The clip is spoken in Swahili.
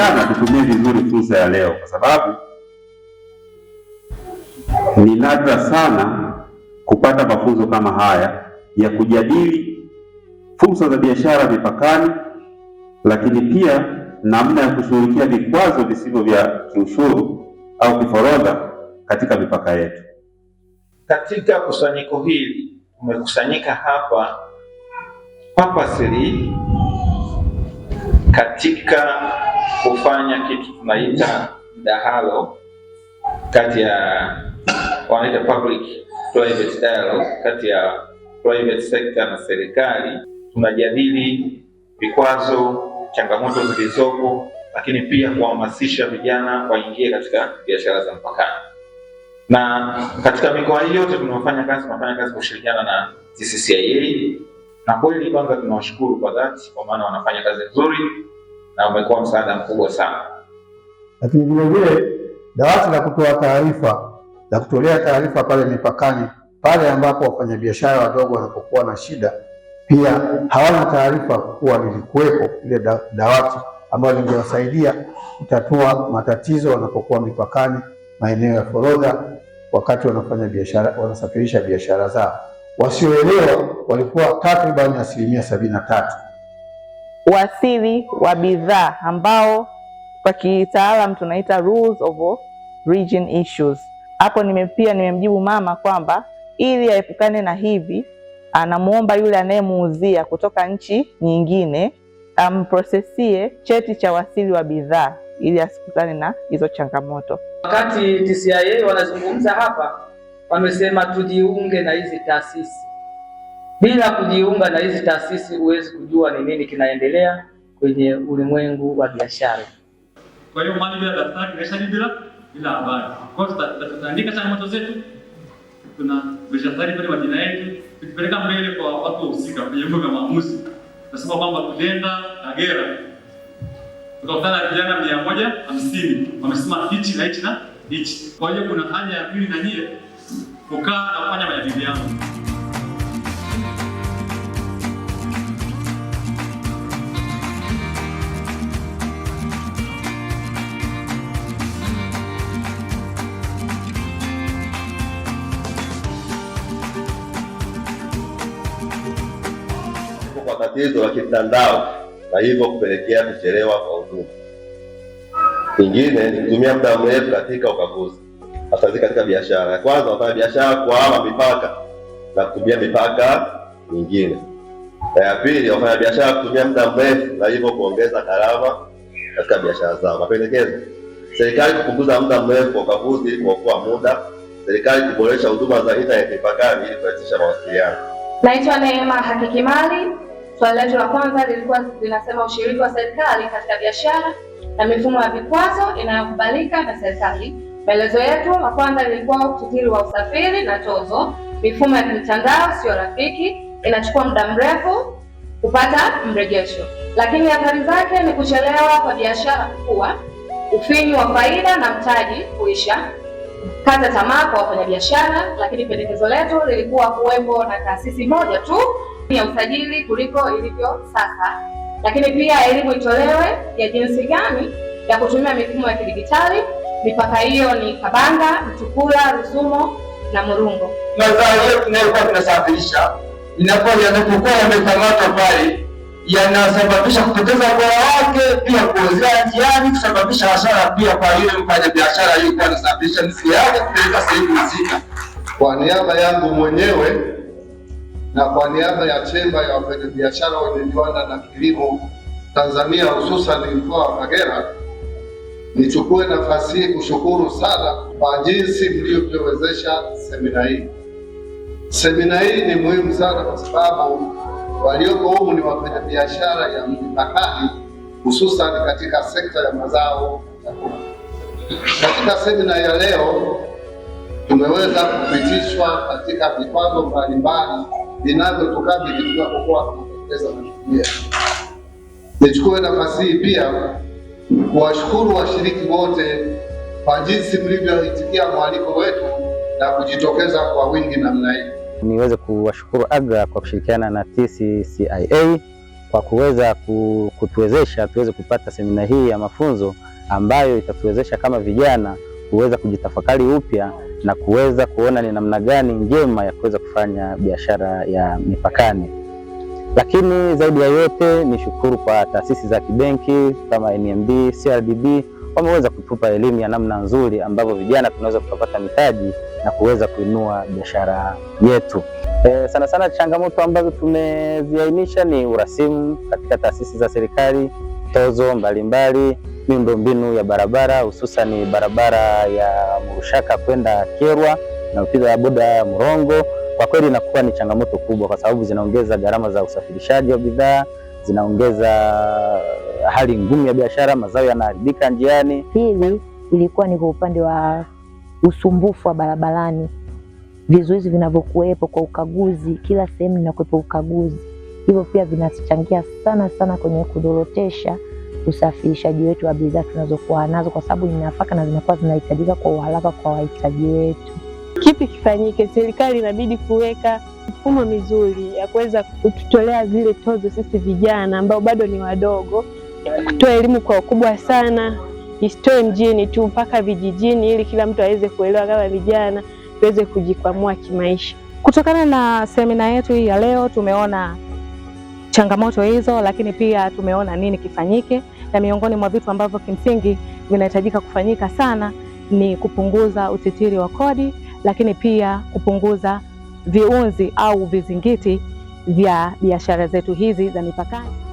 vijana tutumie vizuri fursa ya leo, kwa sababu ni nadra sana kupata mafunzo kama haya ya kujadili fursa za biashara mipakani, lakini pia namna ya kushughulikia vikwazo visivyo vya kiushuru au kiforodha katika mipaka yetu. Katika kusanyiko hili umekusanyika hapa papasiri katika kufanya kitu tunaita mdahalo kati ya wanaita public private dialogue, kati ya private sector na serikali. Tunajadili vikwazo, changamoto zilizopo, lakini pia kuhamasisha vijana waingie katika biashara za mpakani. Na katika mikoa hii yote tunafanya kazi, tunafanya kazi kushirikiana na TCCIA, na kweli kwanza tunawashukuru kwa dhati, kwa maana wanafanya kazi nzuri na umekuwa msaada mkubwa sana. Lakini vilevile dawati la kutoa taarifa la kutolea taarifa pale mipakani, pale ambapo wafanyabiashara wadogo wanapokuwa na shida, pia hawana taarifa kuwa lilikuwepo ile da, dawati ambayo lingewasaidia kutatua matatizo wanapokuwa mipakani, maeneo ya forodha, wakati wanafanya biashara, wanasafirisha biashara zao. Wasioelewa walikuwa takriban asilimia sabini na tatu uasili wa bidhaa ambao kwa kitaalam tunaita rules of origin issues. Hapo nime pia nimemjibu mama kwamba ili aepukane na hivi, anamuomba yule anayemuuzia kutoka nchi nyingine amprosesie cheti cha wasili wa bidhaa ili asikutane na hizo changamoto. Wakati TCCIA wanazungumza hapa, wamesema tujiunge na hizi taasisi bila kujiunga na hizi taasisi huwezi kujua ni nini kinaendelea kwenye ulimwengu wa biashara. Kwa hiyo mali bila daftari biashara bila bila habari. Kwa hiyo tutaandika changamoto zetu, tuna biashara pale majina yetu, tukipeleka mbele kwa watu husika kwenye vyombo vya maamuzi. Nasema kwamba tulienda Kagera tukakutana na vijana mia moja hamsini wamesema hichi na hichi na hichi. Kwa hiyo kuna haja ya pili na nyie kukaa na kufanya majadiliano. tatizo la kimtandao na hivyo kupelekea kuchelewa kwa huduma. Kingine ni kutumia muda mrefu katika ukaguzi, hasa katika biashara. Ya kwanza, wafanya biashara kuhama mipaka na kutumia mipaka mingine. Na ya pili, wafanya biashara kutumia muda mrefu na hivyo kuongeza gharama katika biashara zao. Mapendekezo: serikali kupunguza muda mrefu wa ukaguzi ili kuokoa muda, serikali kuboresha huduma za intaneti mipakani ili kurahisisha mawasiliano. Naitwa Neema Hakikimali Swali letu la kwanza lilikuwa linasema ushiriki wa serikali katika biashara na mifumo ya vikwazo inayokubalika na serikali. Maelezo yetu la kwanza lilikuwa utitiri wa usafiri na tozo, mifumo ya mitandao sio rafiki, inachukua muda mrefu kupata mrejesho, lakini athari zake ni kuchelewa kwa biashara kukua, ufinyu wa faida na mtaji kuisha, kata tamaa kwa wafanyabiashara. Lakini pendekezo letu lilikuwa kuwepo na taasisi moja tu ya usajili kuliko ilivyo sasa, lakini pia elimu itolewe ya jinsi gani ya kutumia mifumo ya kidijitali. Mipaka hiyo ni Kabanga, Mtukula, Rusumo na Murungo. Mazao yote tunayokuwa tunasafirisha inakuwa yanapokuwa yamekamatwa pale yanasababisha kupoteza ubora wake, pia kuozea njiani, kusababisha hasara pia kwa yule mfanyabiashara aliyekuwa anasafirisha mizigo yake kupeleka sehemu husika. Kwa niaba yangu mwenyewe na kwa niaba ya chemba ya wafanyabiashara wenye viwanda na kilimo Tanzania, hususan mkoa wa Kagera, nichukue nafasi hii kushukuru sana kwa jinsi mlivyowezesha semina hii. Semina hii ni muhimu sana kwa sababu walioko humu ni wafanyabiashara ya mpakani hususan katika sekta ya mazao chakula. Katika semina ya leo tumeweza kupitishwa katika vikwazo mbalimbali vinavyokukabili tunapokuwa tunapoteza majukumu. Nichukue nafasi hii pia kuwashukuru washiriki wote kwa jinsi mlivyoitikia mwaliko wetu na kujitokeza kwa wingi namna hii. Niweze kuwashukuru AGRA kwa kushirikiana na TCCIA kwa kuweza kutuwezesha tuweze kupata semina hii ya mafunzo ambayo itatuwezesha kama vijana kuweza kujitafakari upya na kuweza kuona ni namna gani njema ya kuweza kufanya biashara ya mipakani. Lakini zaidi ya yote ni shukuru kwa taasisi za kibenki kama NMB, CRDB wameweza kutupa elimu ya namna nzuri ambavyo vijana tunaweza tukapata mitaji na kuweza kuinua biashara yetu. E, sana sana changamoto ambazo tumeziainisha ni urasimu katika taasisi za serikali, tozo mbalimbali mbali, miundombinu ya barabara hususani barabara ya Murushaka kwenda Kyerwa na ya boda ya Murongo, kwa kweli inakuwa ni changamoto kubwa, kwa sababu zinaongeza gharama za usafirishaji wa bidhaa, zinaongeza hali ngumu ya biashara, mazao yanaharibika njiani. Pili ilikuwa ni kwa upande wa usumbufu wa barabarani, vizuizi vinavyokuwepo kwa ukaguzi, kila sehemu inakuwepo ukaguzi, hivyo pia vinachangia sana sana kwenye kudorotesha usafirishaji wetu wa bidhaa tunazokuwa nazo, kwa sababu ni nafaka na zinakuwa zinahitajika kwa uharaka kwa wahitaji wetu. Kipi kifanyike? Serikali inabidi kuweka mifumo mizuri ya kuweza kututolea zile tozo sisi vijana ambao bado ni wadogo, kutoa elimu kwa ukubwa sana isitoe mjini tu mpaka vijijini, ili kila mtu aweze kuelewa, kama vijana tuweze kujikwamua kimaisha. Kutokana na semina yetu hii ya leo, tumeona changamoto hizo, lakini pia tumeona nini kifanyike, na miongoni mwa vitu ambavyo kimsingi vinahitajika kufanyika sana ni kupunguza utitiri wa kodi, lakini pia kupunguza viunzi au vizingiti vya biashara zetu hizi za mipakani.